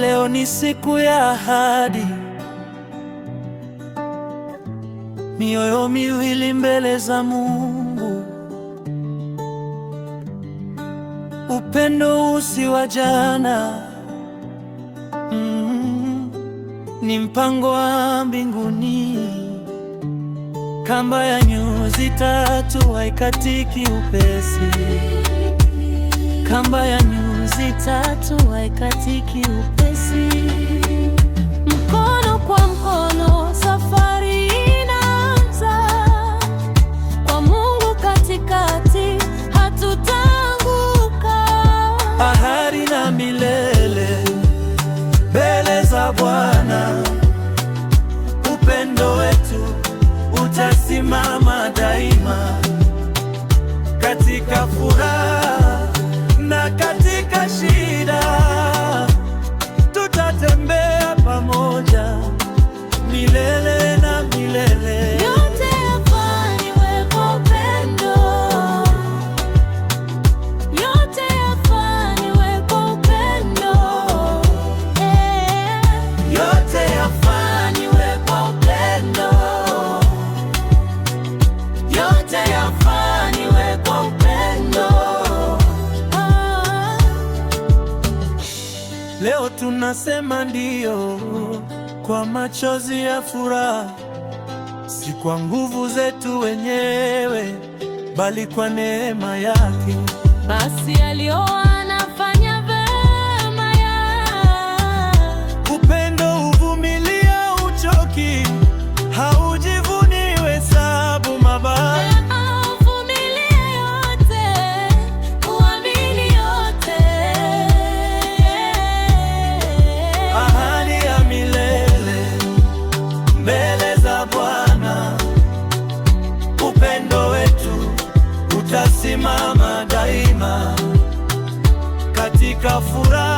Leo ni siku ya ahadi, mioyo miwili mbele za Mungu, upendo usi wa jana mm, ni mpango wa mbinguni, kamba ya nyuzi tatu haikatiki upesi, kamba ya nyuzi tatu haikatiki upesi nafsi, mkono kwa mkono, safari inaanza kwa Mungu katikati, hatutanguka ahadi na milele mbele za Bwana. Leo tunasema ndiyo kwa machozi ya furaha, si kwa nguvu zetu wenyewe, bali kwa neema yake. Basi alioa mbele za Bwana, upendo wetu utasimama daima katika furaha